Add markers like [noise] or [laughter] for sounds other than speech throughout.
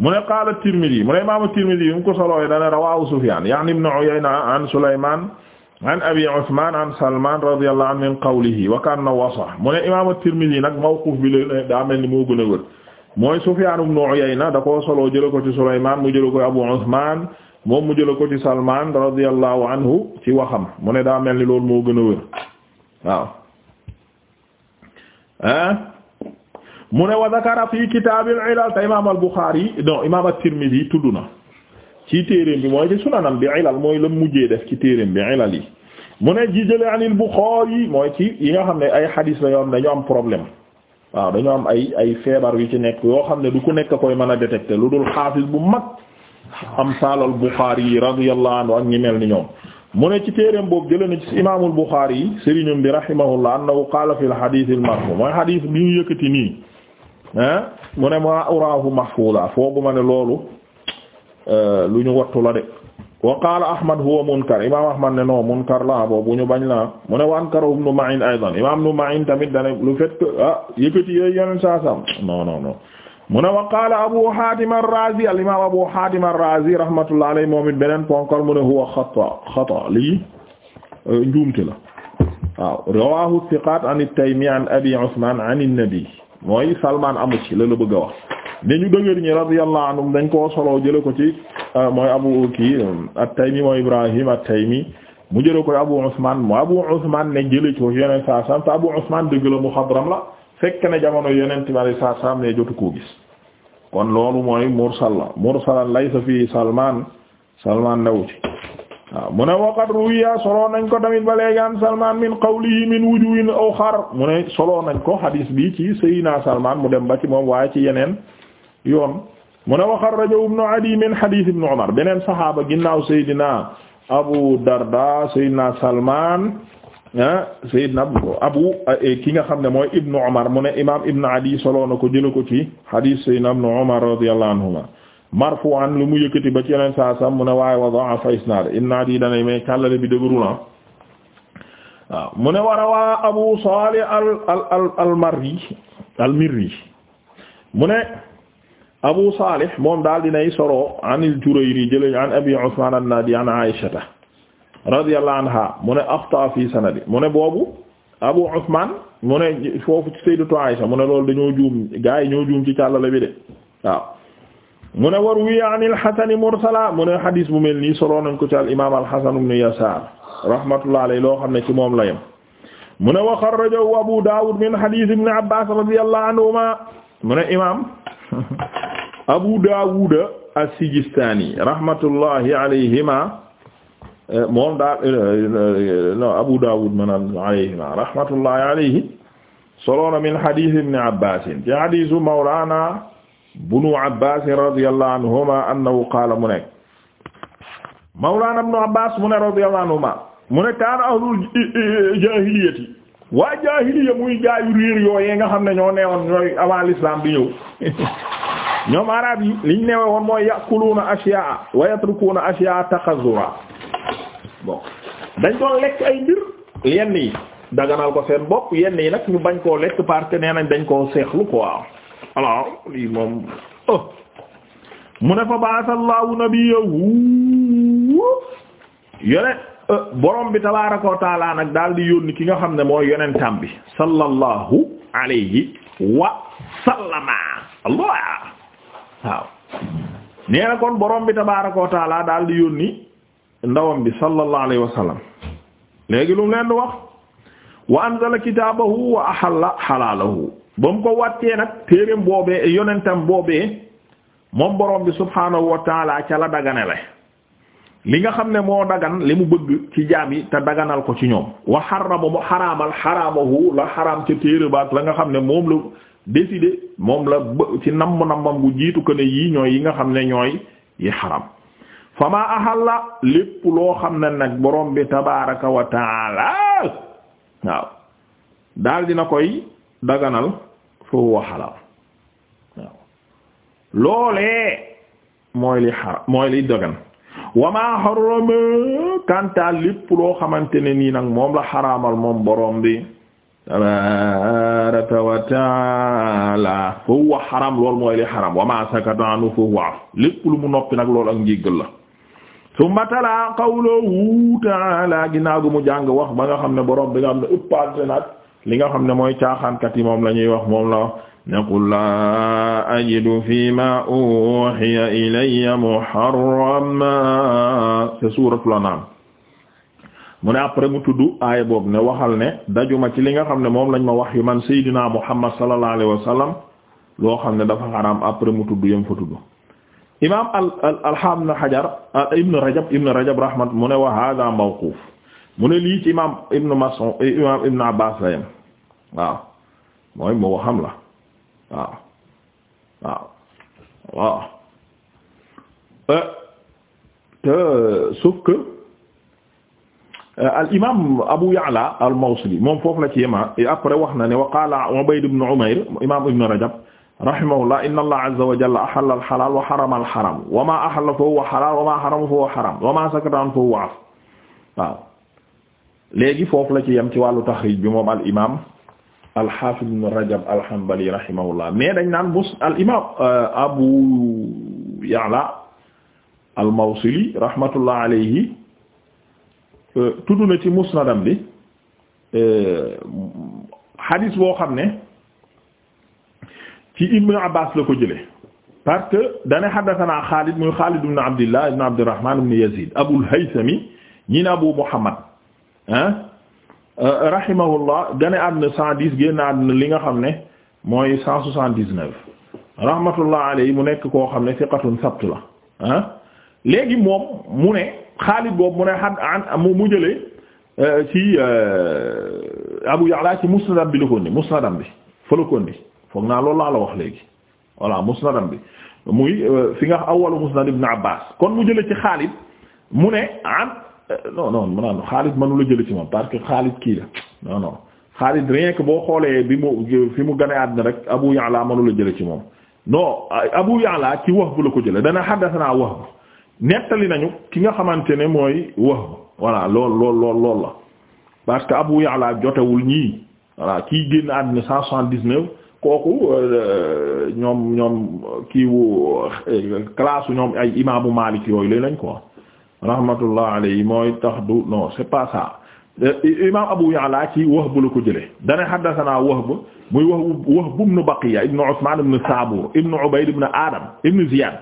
mu ne qaala Tirmidi mu ne imaamu Tirmidi yi mu ko solowee dana rawaahu Sufyaan yaani ibn Uyayna an Sulaymaan an Abi Usmaan an Salmaan radiyallahu anhu min qawlihi wa kaana wasa mu ne imaamu Tirmidi nag mawquuf bi la daa mel ni moo gën a wër mooy Sufyaan ibn Uyayna da koo soloo jële ko ci Sulaymaan mu jële ko Abu Usmaan moom mu jële ko ci Salmaan radiyallahu anhu ci waxam mu ne daa mel ni loolu moo gën a wër waaw mu ne wa zakara fi kitaabil ilal te imaam al Buxaari non imaam at-Tirmidi tudd na ci téereem bi mooy ci sunanam bi ilal mooy la mujjee def ci téereem bi ilal yi mu ne ji jëlee anil Buxaari mooy ci yi nga xam ne ay xadis la yoo dañu am problème waaw dañu am ay ay feebar yu ci nekk yoo xam ne du ku nekk koy mën a détecter lu dul xaafis bu mag am saalal Buxaari radiyallahu anhu ak ñi mel ni ñoom. mu ne ci téereem boobu jëlee na ci imaamul Buxaari sëriñum bi rahimahullah annahu qaala fil xadiisil marfuu mooy xadis bi ñu yëkkati nii. mu ne ma uraahu mahfuula fooguma ne loolu euh, lu ñu wattu la de wa qaala ahmad huwa munkar imam ahmad ne non munkar la boobu ñu bañ la mu wa ankarahu ibnu ma'in aydan imam ibnu ma'in tamit dane lu fait que ah yëkkati yooyu yeneen saa sam wa qaala abu hatim ar-razi al imam abu hatim ar-razi rahmatullah alayhi moom it beneen ponkal mu ne huwa xata xata lii euh, njuumte la waaw rawahu thiqat an at-taymi an abi usman an an-nabi mooy Salman amu ci la la bëgg a wax ne ñu dëgër ñi radiyallahu anhum dañ koo soloo jële ko ci euh, mooy abu kii euh, at-Taymi mooy Ibrahim at-Taymi mu jële ko abu Usman mu abu Usman ne jële ci yeneen saa sam te abu Usman dëgg la muxadram la fekk na jamono yeneen timari saa sam ne jotu ko gis kon loolu mooy mursal la mursalan laysa fi Salman Salman newu ci waaw mu ne ruwiya soloo nañ ko tamit ba léegi min qawlihi min wujuhin aw xar mu ne nañ ko hadis bi ci Sayyidina Salman mu dem ba ci moom waaye ci yeneen yoon mu ne waqad rajahu ibnu min hadis ibnu Umar beneen saxaaba ginnaaw Sayyidina Abu Darda Sayyidina Salman ah, Sayyidina Abu eh, ki nga xam ne mooy ibnu Umar mu ne imaam ibnu Adi soloo na ko jëla ko ci hadis Sayyidina ibnu Umar radiyallahu anhuma marfu'an lu mu yëkkati ba ci yeneen saa mu ne waaye wa da'afa isnaad innaad yi danay mais càllale bi dëgërul ah waaw mu ne war a waa Abu Salih al al al al al-Mirri mu ne Abu Salih moom daal dinay solo an al-Jurayri jëlee Abi Usman an-Naadi an Aysata radiyallahu anha mu ne axta fi sanadi mu ne boobu Abu Usman mu ne foofu ci Sayyidatu Aysa mu ne loolu dañoo juum gaa ñoo juum ci càllale bi de waaw. mu ne war wiya an al-Hasan mursala mu ne xadis bu mel nii soloo nañ ko ci al-imaam al-Hasan ibn Yasaar rahmatullahi alayhi loo xam ne ci moom la yem mu ne wa xarrajahu Abu Daawud min xadis ibn Abbaas radiyallahu anhumaa mu ne imaam [laughs] Abu Daawud as-Sijistaani rahmatullahi alayhimaa moom daal non Abu Daawud maanaam alayhimaa rahmatullahi alayhi soloo na min xadis ibn Abbaas ci xadisu Mawlaana bunu abbas radiyallahu anhuma annahu qaala mu ne mawlaana ibnu abbas mu ne radiyallahu anhuma mu ne kaana ahlul jaahiliyati waa jaahiliya muy gaayu réer yooyee nga xam ne ñoo neewoon ñooy avant l'islam bi ñëw [laughs] ñoom arab yi liñ neewe woon mooy yaquluuna ashyaa wa yatrukuuna ashyaa taqazzura bon dañ doon lekk ay mbir yenn yi daganal ko seen bopp yenn yi nag ñu bañ koo lekk parce nee nañ dañ koo seexlu quoi voilà moom oh. mu ne fa baatallahu nabiyahu yone eh, borom bi tabaaraka wa taala nag daal di yónni ki nga xam ne mooy yonentam bi sallallahu alayhi wa sallama allah waaw nee na kon borom bi tabaaraka wa taala daal di yónni ndawam bi sallallahu alayhi wa sallam léegi lu mu leen di wax wa anzala kitaabahu wa ahalla halaalahu ba mu ko wàccee nag téereem boobee yonentam boobee moom borom bi subhaanahu wa ca la dagane daganale li nga xam ne moo dagan li mu bëgg ci jaam yi te daganal ko ci ñoom wa xarama mu xaraamal xaraamahu la xaraam ca téere baak la nga xam ne moom la décidé moom la ci namm-nammam gu jiitu ko ne yii ñooy yi nga xam ne ñooy yi xaram fama ahalla lépp loo xam ne nag boroom bi tabaraka wa waaw daal dina koy daganal fa huwa xalaal mooy li xara mooy li dagan wamaa xarama kantaa lépp loo xamante ne nii nag moom la xaraamal moom boroom bi tabaraka wa taala xaram loolu mooy li xaram wama sakata anhu fa huwa lépp lu mu noppi nag loolu ak njéggal la summa talaa qawluhu taala gi mu jàng wax ba nga xam ne boroom nga xam ne ëppaante nag li nga xam ne mooy caaxaankat yi moom la ñuy wax moom la ne qul laa ajidu fi ma uhiya ilayya muharrama c'est suuratul An'aam mu ne après mu tudd aaya boobu ne waxal ne dajuma ci li nga xam ne moom lañ ma wax yu man Seydina Muhammad sallallahu alayhi wa sallam loo xam ne dafa xaraam après mu tudd yam fa tudd imaam al al alhamdulilah Hajar ibn Rajab ibn Rajab rahmat mu ne wa haaza mawquuf mu ne lii ci imaam ibnu Mas'ud eh, imaam ibnu Abbaas la yem waaw mooy moo xam la waaw waaw waaw euh, te sauf que euh, al imaam Abu Ya'la al Mawsili moom foofu la ci yema ah, et après wax na ne wa qaala Ubayd ibn Umayr imaam ibn Rajab rahimahullah inna allah azza wa jalla ahalla al halal wa harama al haram wa ma ahalla fa huwa halal wa ma harama fa huwa haram wa ma sakata an fa huwa af waaw léegi foofu la ci yem ci wàllu taxrij bi moom al imaam al xaafid ibn rajab al hanbali rahimahullah mais dañ naan mus al euh, abu ya'la al mawsili rahmatullah euh, tudd na ci musnadam bi euh, hadis boo xam ne ci ibnu abbas la ko jële parce que dane xaalid muy xaalid ibn abdillah ibn abdirrahman ibn yazid abul haythami ñi abu muhammad Euh, rahimahullah gane àdduna cent dix génn àdduna li nga xam ne mooy cent soixante dix neuf rahmatullah alayhi mu nekk koo xam ne siqatun sabt la ah léegi moom mu ne Xaalid boobu mu ne xan an mu jële euh, ci euh, Abu Ya'la ci musnadam bi la ko indi musnadam bi fa la ko foog naa loolu laa la wax léegi voilà musnadam bi muy fi nga awalu musnad ibn Abbas kon mu jëlee ci Xaalid mu ne an Euh, non non mu naan Xaalid mënu la jële ci moom parce que Xaalid kii la non non Xaalid rien que boo xoolee bi mu fi mu gane àddina rek Abu Ya'la mënu la jële ci moom non Abu Ya'la ci Wahb la ko jële dana haddathana Wahb nettali nañu ki nga xamante ne mooy Wahb voilà lool lool lool lool la parce que Abu Ya'la jotewul ñii voilà kii génn àddina cent soixante-dix-neuf kooku euh, ñoom ñoom kiiwu euh, classe ñoom ay imaamu Maalik yooyu lañ lañ ko rahmatullah alayhi mooy tax du non c'est pas ça euh, imam Abu Ya'la ci Wahb la ko jëlee dana haddathana Wahb muy Wahb Wahb ibn Baqiya ibn Usman ibn Sabur ibn Ubayd ibn Adam ibn Ziyad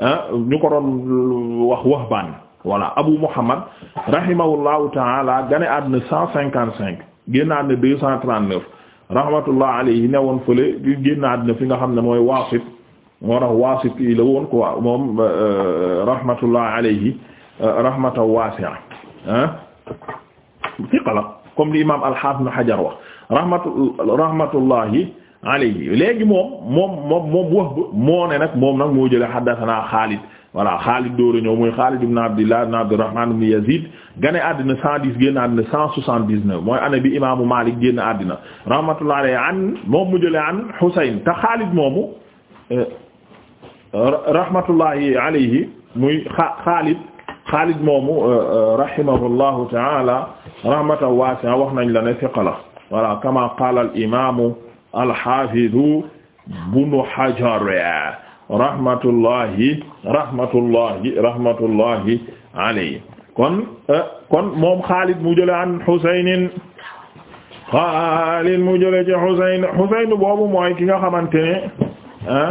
ah, ñu ko doon wax Wahban voilà Abu Muhammad rahimahullahu ta'ala gane àdduna cent cinquante cinq génn àdduna deux cent trente neuf rahmatullah alayhi ne woon fële génn àdduna fi nga xam ne mooy Wasit moo tax Wasit yi la woon quoi moom euh, rahmatullah alayhi rahmatan wasi'a fiqa la comme li imam al-Hafiz Ibn Hajar wax rahmatu rahmatullahi alayhi léegi moom moom moom moom wax ba moo ne nag moom nag moo jële haddathana Xaalid voilà Xaalid door a ñëw mooy Xaalid ibn Abdillah ibn Abdurrahman ibn Yazid gane àddina cent dix génn àddina cent soixante-dix-neuf mooy année bi imaamu Maalik génn àddina rahmatullah alayhi an moom mu jële an Husayn te Xaalid moomu eh, rahmatullahi alayhi muy Xaalid Xaalid moomu euh, euh, rahimahullahu ta'ala rahmatan waasi'a wax nañ la ne fiqa la voilà kama qaala al imaamu al haafidu Ibnu Hajar rahmatullahi rahmatullahi rahmatullahi alayhi kon euh, kon moom Xaalid mu jële an Husayn Xaalid mu jële ci Husayn Husayn boobu mooy ki nga xamante ne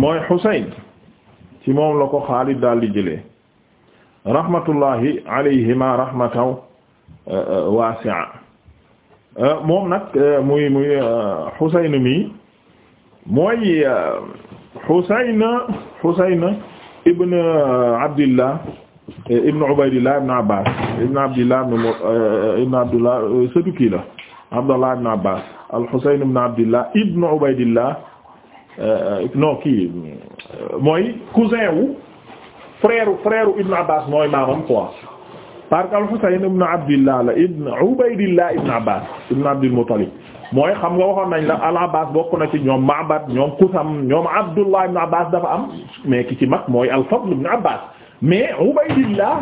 mooy Husayn ci moom la ko Xaalid daal di jëlee rahmatullahi alayhima rahmatan euh, euh, wasi'a euh, moom nag muy muy Husayn mi mooy Husayn Husayn ibn Abdillah ibn Ubaydillah ibn Abbas ibn Abdillah ibn Abdullah sëtu kii la Abdullah ibn Abbas al-Husayn ibn Abdillah ibn Ubaydillah non kii mooy cousin wu frère frère Ibn Abbas mooy maamam quoi parce que al-Husayn ibn Abdillah la ibn Ubaydillah ibn Abbas mooy xam nga waxoon nañ la al-Abbas bokk na ci ñoom Ma'bad ñoom Qusam ñoom Abdullah ibn Abbas dafa am mais ki ci mag mooy al-Fadl ibn Abbas mais Ubaydillah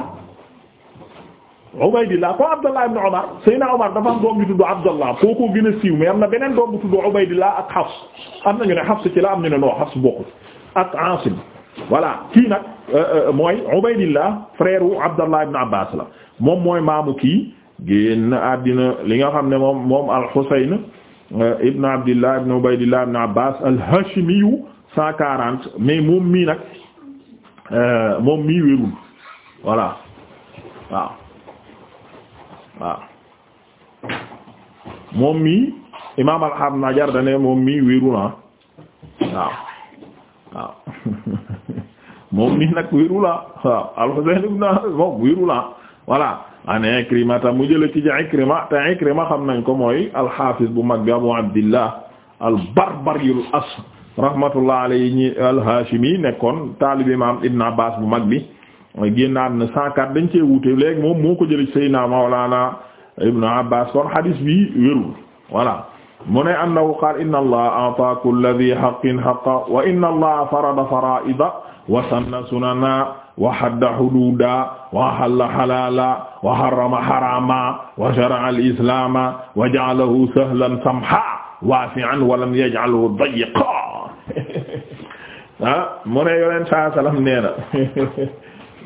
Ubaydillah ko Abdullah ibn Umar Seydina Umar dafa am doom bi tudd Abdullah kooku gën a siiw am na beneen doom bu tudd Ubaydillah ak Hafs am na ñu ne Hafs ci la am ñu ne non Hafs ak Asim voilà kii nag euh, euh, mooy Ubaydillah frère wu Abdallah ibn la moom mooy maamu kii génn àddina li nga xam ne moom moom al-Husayn euh, ibn Abdillah ibn Ubaydillah ibn Abbas al-Hashimi yu cent quarante mais moom mii moom mii imaam al-Hafiz Hajar dane moom mii wérul ah. waaw [laughs] moom mi nag wérulaa waaw al-Husayn ibn moom wérulaa voilà an Ikrima ta mu jële ci Ikrima te Ikrima xam nañ ko mooy al bu mag bi Abu Abdillah al-Barbari al-asl rahmatullah alayhi nekkoon taalib imam Ibn Abbas bu mag bi génnaat na 104 dañ cee wuute léegi moom moo ko jële ci Seydina Mawlana Ibn Abbas kon hadis bi wérul voilà mu ne annahu qaal inna allaha a'ta kulla dhi haqqin haqqa wa inna allaha farada fara'ida wa sanna sunana wa hadda hududa wa ahalla halala wa harrama harama wa shara'a al-islama wa ja'alahu sahlan samha wasi'an wa lam yaj'alhu dayiqa ah mu ne yoneen saa salaam nee na [laughs]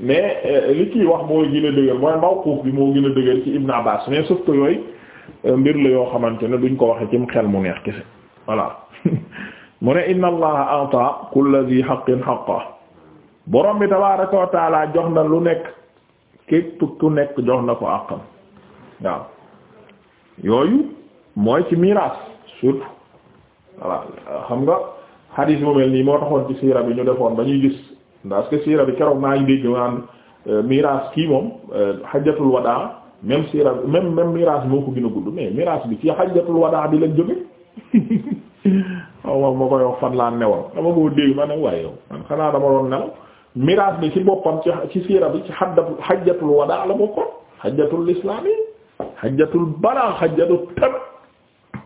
mais euh, li ciy wax moo gën a dëgër mooy mawquuf bi moo gën a dëgër ci Ibn Abbas mais sauf que yooyu mbir la yoo xamante ne duñ ko waxe cim xel mu neex kese voilà [laughs] mu ne inna allaha ata kulla dhi haqqin haqqa borom bi tabaaraka wa jox na lu nekk képp ku nekk jox na ko àqam waaw yooyu mooy ci miraas surtout voilà xam nga xadiis bu mel nii moo taxoon ci siira bi ñu defoon ba ñuy gis parce siira bi keroog naa ñu dégg naan euh, miraas kii moom xajatul euh, wadaa même siira même même miraas moo ko gën a gudd mais miraas bi ci xajjatul wadaa bi lañ jóge waaw [laughs] ma koy wax fan laa newal ma ne waaye xanaa dama doon nelaw miraas bi ci boppam ci ci wadaa la bokkoon xajjatul islaam yi xajjatul balaa xajjatul tam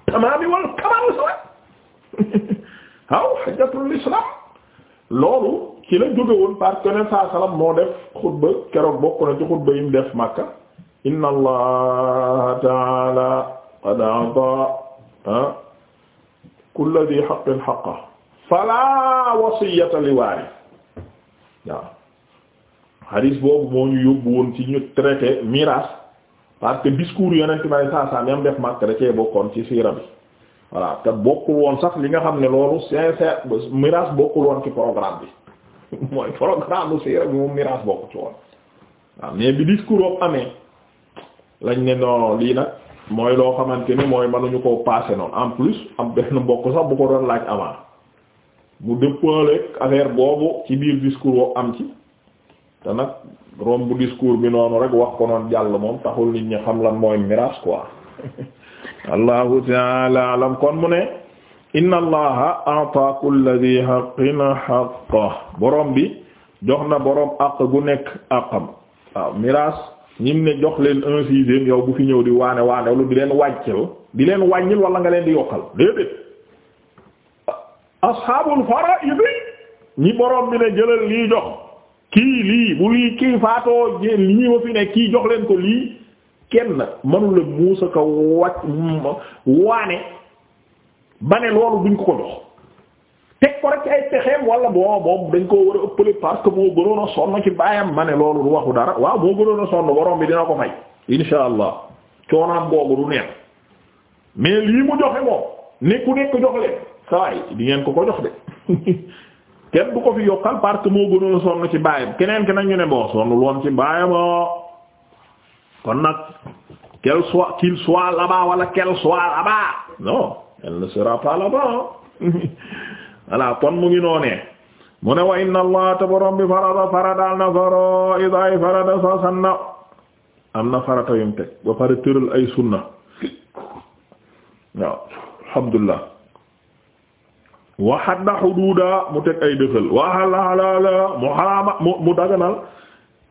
tamaami [laughs] waaw xajjatul islaam loolu ci la jóge woon saa salaam moo def xutba keroog bokk na ci xutba yi def Makka inna allaha taala qad ata kulla di haqqin haqqa fala wasiyata li waaris waaw hadis boobu moo ñu yóbbu woon ci miraas parce que discours yonent may saa saa yam def màkk da bokkoon ci siira bi voilà bokkul woon sax li nga xam ne loolu sincère miraas bokkul woon ci programme bi [laughs] mooy programme siira bi moom miraas bokku ci woon bi discours am amee lañ ne non lii nag mooy loo xamante ni mooy mënuñu koo passé noonu en plus am benn mbokk sax bu ko doon laaj avant mu dëppaale affaire boobu ci biir discours woo am ci te nag romb discours bi noonu rek wax ko noonu jàll moom taxul nit ñi xam lan mooy miraas ko [laughs] allahu taala kon mu ne inna allaha a'ta kulli dhi haqqin borom bi jox na borom àq gu nekk àqam waaw miraas ñim ne jox leen un sixième yow bu fi ñëw di waane waane lu di leen wàccel di leen wàññil wala nga leen di yokkal déedéet ashabul fara'id ñi borom bi ne jëlal lii jox kii lii bu lii kii faatoo lii ma fi ne kii jox leen ko lii kenn mënula muusa ko wàcc waane ba ne loolu duñ ko ko jox teg ko rek ci ay pexeem wala bon moom dañ koo war a ëppale parce que a ci baayam ma ne loolu du waxu dara waaw moo gënoon borom bi dina ko fay insha allah coonaam googu du neex mais lii joxe moom ne ku jox leen sawaay di ngeen ko ko jox de [laughs] kenn du ko fi yokkal parce que moo a ci baayam keneen keneen ñu ne boo sonn loon ci baayama ah. kon nag quel soit qu'il soit là-bas wala quel soit là-bas non elle ne sera pas là [laughs] voilà kon mu ngi noonee mu ne wa inna allah te bi farada faradaal na fara'id ay farada sa sanna am na farata yum teg ba pare tëral ay sunna waaw alhamdulillah wa hadda hududa mu teg ay dëxal wa halala mu xalaama mu daganal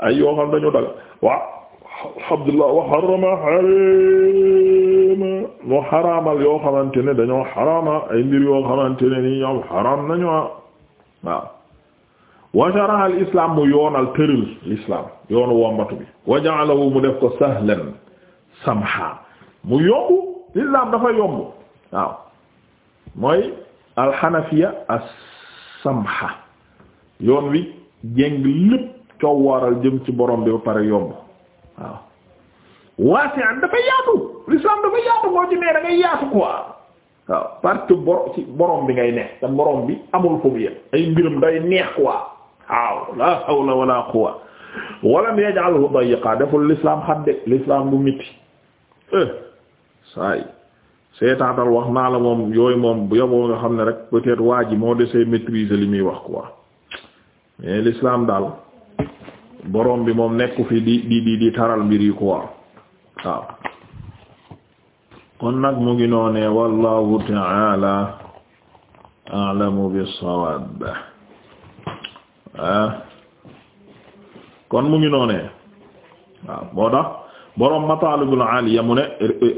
ay yoo xam dañu daga waaw Abdullah wa harrama harama mu xaraamal yoo xamante ne dañoo xarama ay mbir yoo xamante ne nii ñoom xaram nañu ah. waaw wa sharaha al islam mu yoonal tëral l'islam yoonu wombatu bi wa ja'alahu mu def ko sahlan samha mu yomb l'islam dafa yomb waaw mooy alxanafiya as-samha yoon wi jéng lépp coow waral jëm ci borom bi ba pare yomb waaw waasi'an dafa yaatu l'islam dafa yaatu koo ci nee da yaatu quoi waaw parce que bor borom bi ngay ne te borom bi amul fu mu ay mbirum day neex quoi waaw la hawla wala quwwa walam yaj'alhu dayiqa deful l'islam xadde eh, wax naa la moom yooyu xam ne rek waa ji moo li muy wax quoi mais daal borom bi moom nekku fi di di di di taral mbir yi kon nag mu ngi noonee wallahu ta'ala a'lamu bis-sawab ah kon mu ngi noonee waaw moo tax borom matalibul aliya ne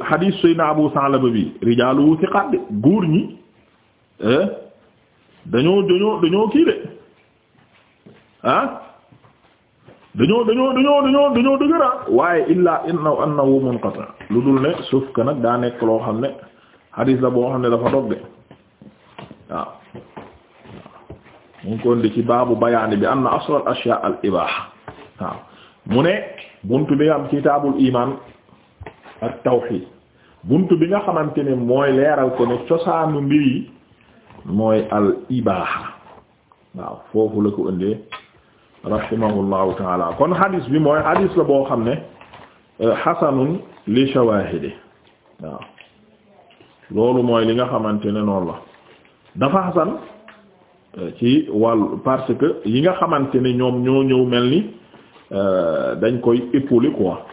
hadith sayna Abu Salaba bi rijalu thiqat de góor ñi eh, dañoo dañoo dañoo kii de ah. dañoo dañoo dañoo dañoo dëgëra waaye illa inna annahu munqati lu dul ne sauf que nag daa nekk loo xam ne hadis la boo xam ne dafa dog de waaw mu ko indi ci baabu bayaani bi anna na al ashyaa al ibaaha waaw mu ne bunt bi nga am kitaabul imaan ak tawxiid bunt bi nga xamante ne mooy leeral ko ne cosaanu mbir yi mooy al ibaaha waaw foofu la ko indee rahimahullahu taala kon hadis bi mooy hadis la boo xam ne xasanun euh, li shawahidi waaw loolu mooy li nga xamante ne noonu la dafa xasan euh, ci wall parce que yi nga xamante ne ñoom ñoo ñëw mel ni euh, dañ koy épauler quoi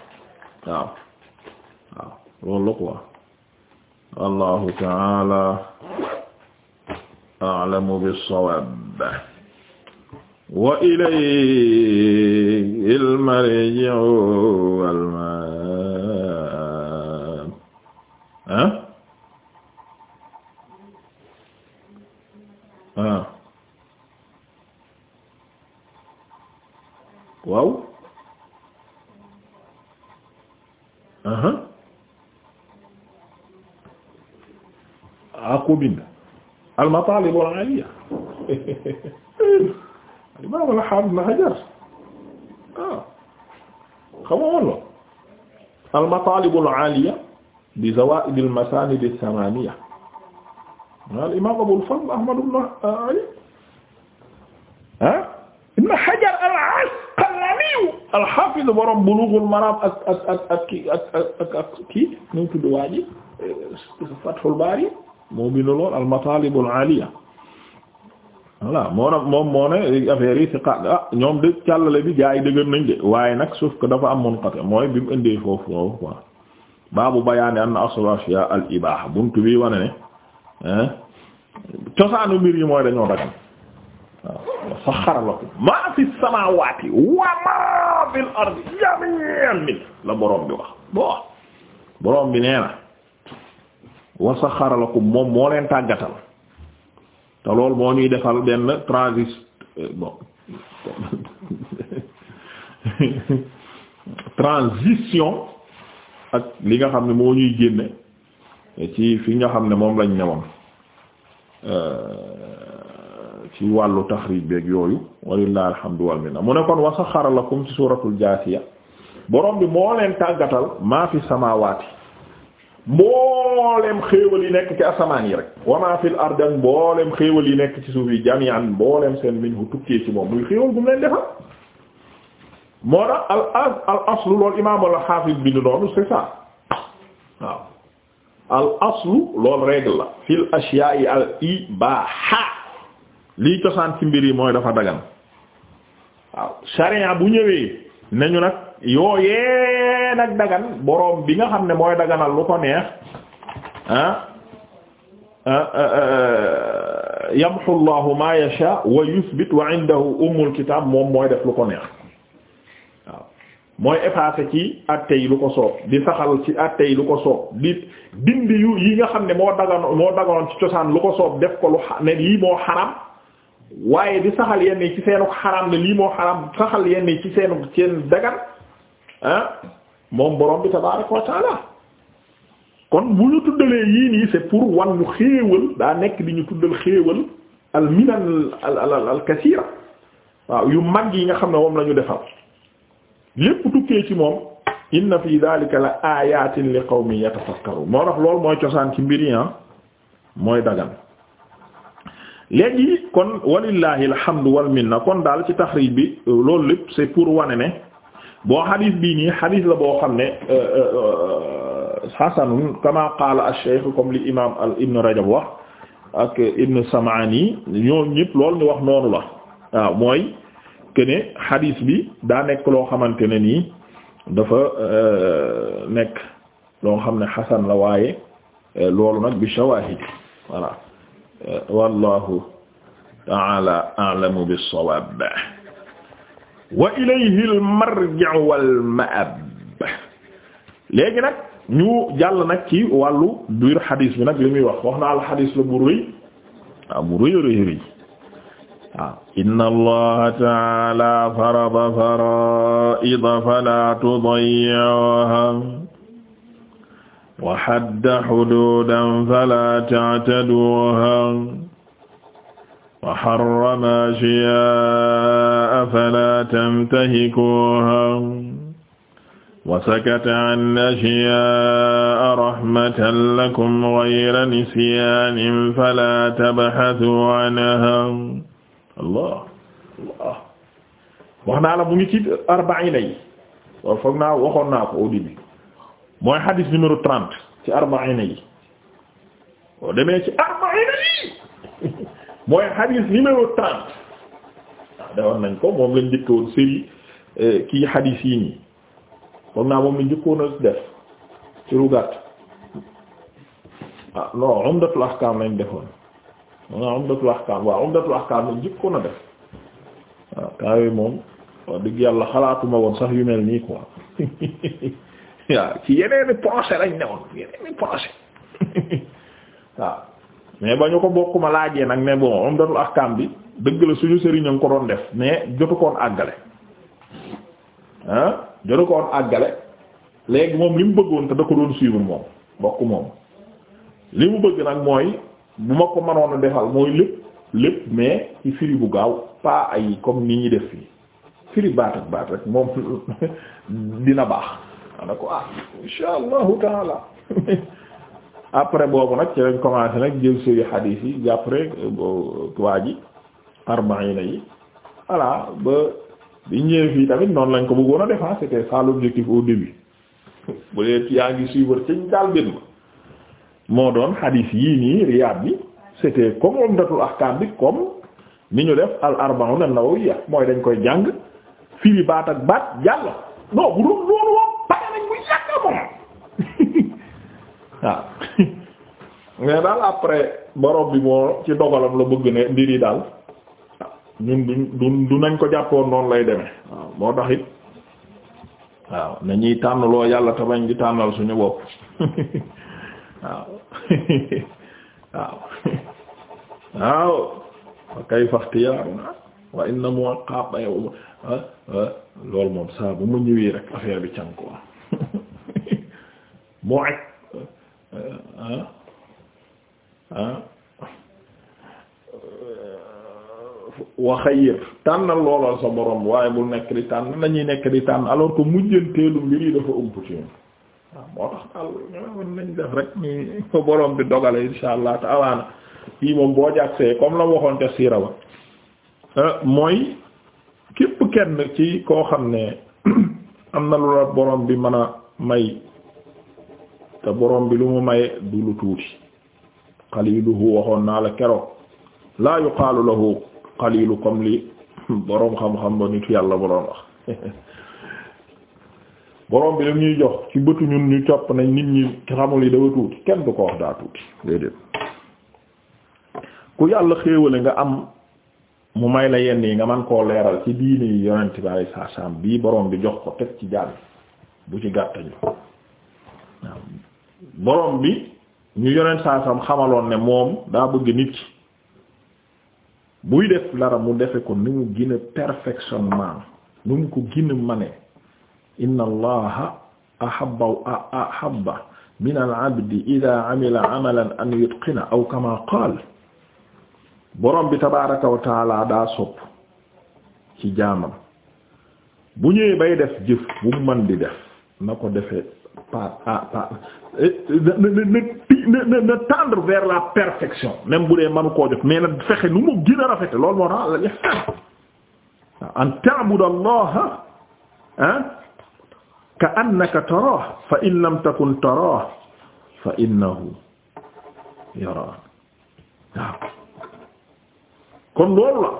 waaw waaw loolu la quoi wallahu taala a'lamu bis-sawab wa ilayhi al-marji'u wal ma'aab ah ah waaw aha aku bind al-mataalib al-'aaliya [laughs] imaam al-Haafiz na Hajar ah xama woon la al-mataalib al-aaliya bi zawaa'id al-masaanid ath-thamaaniya al imaam Abul Fadl Ahmad ibn Ali ah ibn Hajar al-Asqalaani al-Haafiz borom Buluugh al-Maraam ak ak ak ak kii ak ak ak kii nu mu tudd waa ji eh, Fathul Baari moo bind lool al-mataalib al-aaliya voilà moo na moom moo ne affaire yi si xa ah ñoom de càllale bi gaa yi dëgër nañ de waaye nag sauf que dafa am munqati mooy bi mu indee foofu foofu quoi baabu bayaani anna aslu ashya al ibaaha bunt bi wane ne cosaanu mbir yi mooy dañoo dagan waaw saxxara lakum maa fi samaawaati wa maa fil ardi jamii'an min la borom bi wax bon borom bi nee na wa saxxara lakum moom moo leen tàggatal. te loolu moo ñuy defal benn transit euh, bon [laughs] transition ak li nga xam ne moo ñuy génne ci fi nga xam ne moom lañ newoon euh, ci wàllu taxrij beeg yooyu walillahi alhamdu wal minna mu ne kon wasaxara lakum ci suuratul jaasiya borom bi moo leen tàggatal maa fi samaawaati mboolem xéewal yi nekk ci asamaan yi rek wama fil ardan mboolem xéewal yi nekk ci suuf yi jami'an mboolem seen minhu tukkee ci moom muy xéewal bu mu leen defal moo tax al as al aslu loolu imaam al hafiz bi du noonu c'est ça waaw al aslu loolu règle la fil ashyaa'i al ibaha lii cosaan ci mbir yi mooy dafa dagan waaw sharia bu ñëwee nañu nag yooyee dee nag bi nga xam ne mooy daganal lu ko neex ah, ah, ah, ah yamhu llahu mooy def ko neex mooy effacer ci àtte yi lu di saxal ci àtte lu ko soob di dindi yu yi nga xam ne moo daganoon moo daganoon ci cosaan lu ko soob def ko lu ne lii moo xaram waaye di saxal yenn ci seenu xaram ne lii moo xaram saxal yenn ci seenu seen dagan moom borom bi tabaaraka wa taala kon bu ñu tuddalee yii nii c'est pour wan ñu xéewal daa nekk di ñu tuddal xéewal al minan al al al kasiira waaw yu mag yi nga xam ne moom la ñu defal lépp tukkee ci moom inna fi daalika la aayatin li qawmin yatafakkarun moo tax loolu mooy cosaan ci mbir ah, mooy dagan léegi kon walillahi alhamdu wal minna kon daal ci taxriij bi loolu lépp c'est pour wane ne boo xadis bii nii xadis la boo xam ne xasanun euh, euh, euh, kama qaala ash-shaykh comme li imam al ibn Rajab wax ak ibn Sam'ani ñoo ñëpp lool ñu wax noonu la waaw mooy que ne xadis bi daa nekk loo xamante ne nii dafa nekk loo xam ne xasan la waaye loolu nag bi shawahid voilà wallahu ta'ala a'lamu bis-sawab wa ilayhi al marja' wal ma'ab léegi nag ñu jàll nag ci wàllu biir xadiis bi nag li muy wax wax na al xadiis la bu rëy waaw bu rëy rëy rëy waaw inna allaha ta'ala farada fara'ida fala tudayyi'uha wa hadda hududan fala ta'taduha wa harrama ashya'a fala tamtahikuha wa sakata an ashya'a rahmatan lakum ghayra nisyanin fala tabhathu anha Allah Allah wax naa la mu ngi ci arbaina yi loolu foog naa waxoon naa ko au début mooy hadith numéro trente ci arbaina yi boo demee ci arbaina yi mooy hadith numéro 30 waaw ah, defoon nañ ko moom lañ njëkkoon série eh, kii hadith yi nii foog naa moom lañ njëkkoon a def ci lu gàtt ah non Umdatul Ahkam lañ defoon waaw Umdatul Ahkam waaw Umdatul lañ njëkkoon a def waaw ah, kaa moom wax dëgg yàlla xalaatuma woon sax yu mel nii quoi [laughs] waaw ci yeneeni projet lañ newoon yeneeni projet [laughs] waaw. mais ba ñu ko bokkuma laajee nag ne bon Umdatul Ahkam bi dëgg la suñu sëriñ a ngi ko doon def mais jotu koon àggale ah koon àggale léegi moom li mu bëggoon te da ko doon suivre moom bokk moom li mu bëgg nag mooy bu ma ko mënoon a defal mooy lépp lépp mais ci bu gaaw pas ay comme ni ñuy def fii firi baat ak rek moom [laughs] dina baax ana ko ah insha allahu taala [laughs] après boobu nag ci lañ commencé nag jël sëri xadiis yi après euh, waa ji arbaina yi voilà ba bi ñëwee fii tamit noonu lañ ko bëggoon a defar ah, c'était ça l'objectif au début [laughs] bu dee yaa ngi suivre ci daal benn moo doon xadiis yii nii Riyad bi c'était comme Umdatul Ahkam bi comme ni ñu def al Arba'un an-Nawawiyya mooy dañ koy jàng firi baat ak baat jàll non bu doon loolu waaw mais daal après borom bi moo ci dogalam la bëgg ne mbir yi daal ñun du nañ ko jàppoon noonu lay demee waaw moo tax it waaw nañuy tànn loo di tànnal suñu bopp [laughs] [laughs] ah, ah, loolu moom saa mu ñëwee rek affaire bi can ko moo ek [laughs] wa xayir tànnal loolal sa borom waaye bu nekk di tànn lañuy nekk di tànn alors que mujjanteelu mbir yi dafa ëmb ci nañ def rek ni borom bi dogale insha allah te moom boo jàgsee comme la waxoon ca siira ba eh, mooy képp kenn ci koo xam ne [clears throat] am na lu la borom bi mën a may te boroom bi lu mu may du lu tuuti qaliluhu waxoon naa la keroog laa yuqaalu lahu qalilu comme li boroom xam-xam ba nitu yàlla ba doon wax [laughs] borom bi lu ñuy jox ci bëtu ñu copp nañ nit ñi xamul yi dafa tuuti kenn du ko wax daa tuuti déedéet ku yàlla xéewale nga am mu may la yenn yi nga man koo leeral ci diini yi yonent saa saam bii boroom bi jox ko teg ci jaan bu ci gàttañu borom bi ñu yonent saa sam xamaloon ne moom daa bëgg nit ki buy def dara mu defe ko ni mu gën a perfectionnement nu mu ko gën a mane inna allaha ahabba ahabba min al abdi ida amila amalan an yutqina aw kama qaal borom bi tabaraka wa daa sopp ci jaamam bu ñëwee bay def jëf bu mu man di def na ko defee par ah par eh, na na na na tendre vers la perfection même bu dee manu koo jot mais nag fexe nu mu gën a rafete loolu moo tax al ihsan an ta'budu allaha ah, ka annaka taraahu fa in lam takun taraahu fa innahu yaraak waaw kon loolu la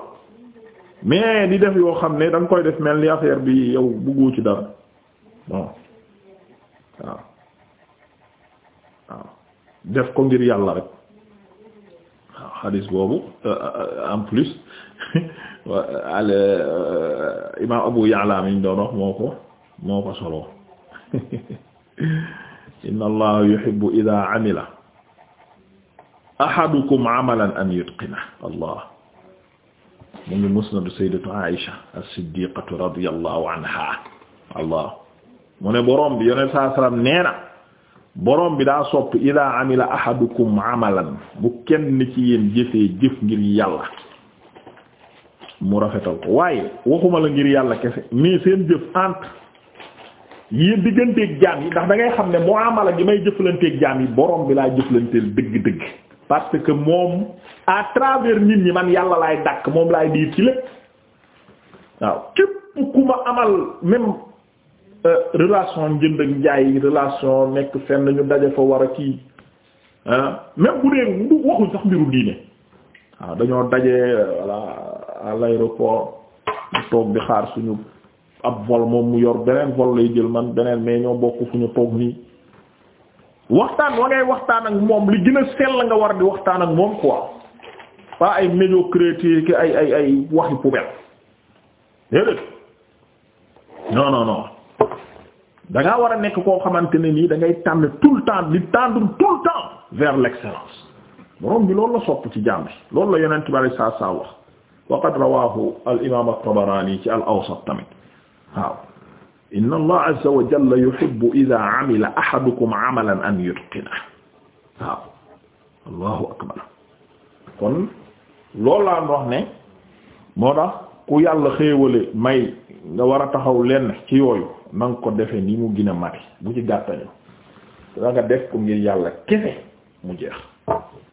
mais di def yoo xam ne da nga koy def mel ni affaire bi yow bëggoo ci dara bon waaw waaw def ko ngir yàlla rek waaw xadiis boobu euh, euh, en plus [laughs] al euh, imaam Abu Ya'la mi ñu doon wax moo ko moo ko solo [laughs] inna allaha yuhibbu idha amila ahadukum amalan an yutqina allah mu ngi musnadu sayyidatu Aisha as-siddiqatu radiyallahu anha allah mu ne borom bi yonent saa salaam nee na borom bi daa sopp ida amila ahadukum amalan bu kenn ci yéen jëfee jëf ngir yàlla mu rafetal ko waaye waxuma la ngir yàlla kese mais seen jëf entre yéen digganteeg jaam yi ndax da ngay xam ne muamala gi may jëflanteeg jaam yi borom bi laa jëflanteel dëgg-dëgg parce que moom à travers nit ñi man yàlla laay dàkk moom laay diir ci lépp waaw képp ku ma amal même Euh, relation njënd ak njaay relation nekk fenn ñu daje fa war a kii même bu dee waxuñ sax mbiru diine waaw ah, dañoo daje euh, voilà à l'aéroport toog di xaar suñu ab vol moom mu yor beneen vol lay jël man beneen mais ñoo bokk fu ñu toog nii waxtaan wa ngay waxtaan ak moom li gën a sell nga war di waxtaan ak moom quoi pas ay médiocrité ki ay ay ay waxi poubelle déedéet non non da ngaa war a nekk koo xamante ne nii da ngay tànn tout le temps di tendre tout le temps vers l'excellence borom bi loolu la sopp ci jàmm loolu la yonent bi alei saa saa ci al awsat tamit waaw inna allah azza wa jalla yuhibbu idha amila ahadukum an yutqinahu waaw allahu akbar kon loolu laa wax ne ku yàlla xéewale may nga war a taxaw lenn ci yooyu na nga ko defe ni mu gina a mati bu ci gàttañu da def ko ngir yàlla kese mu jeex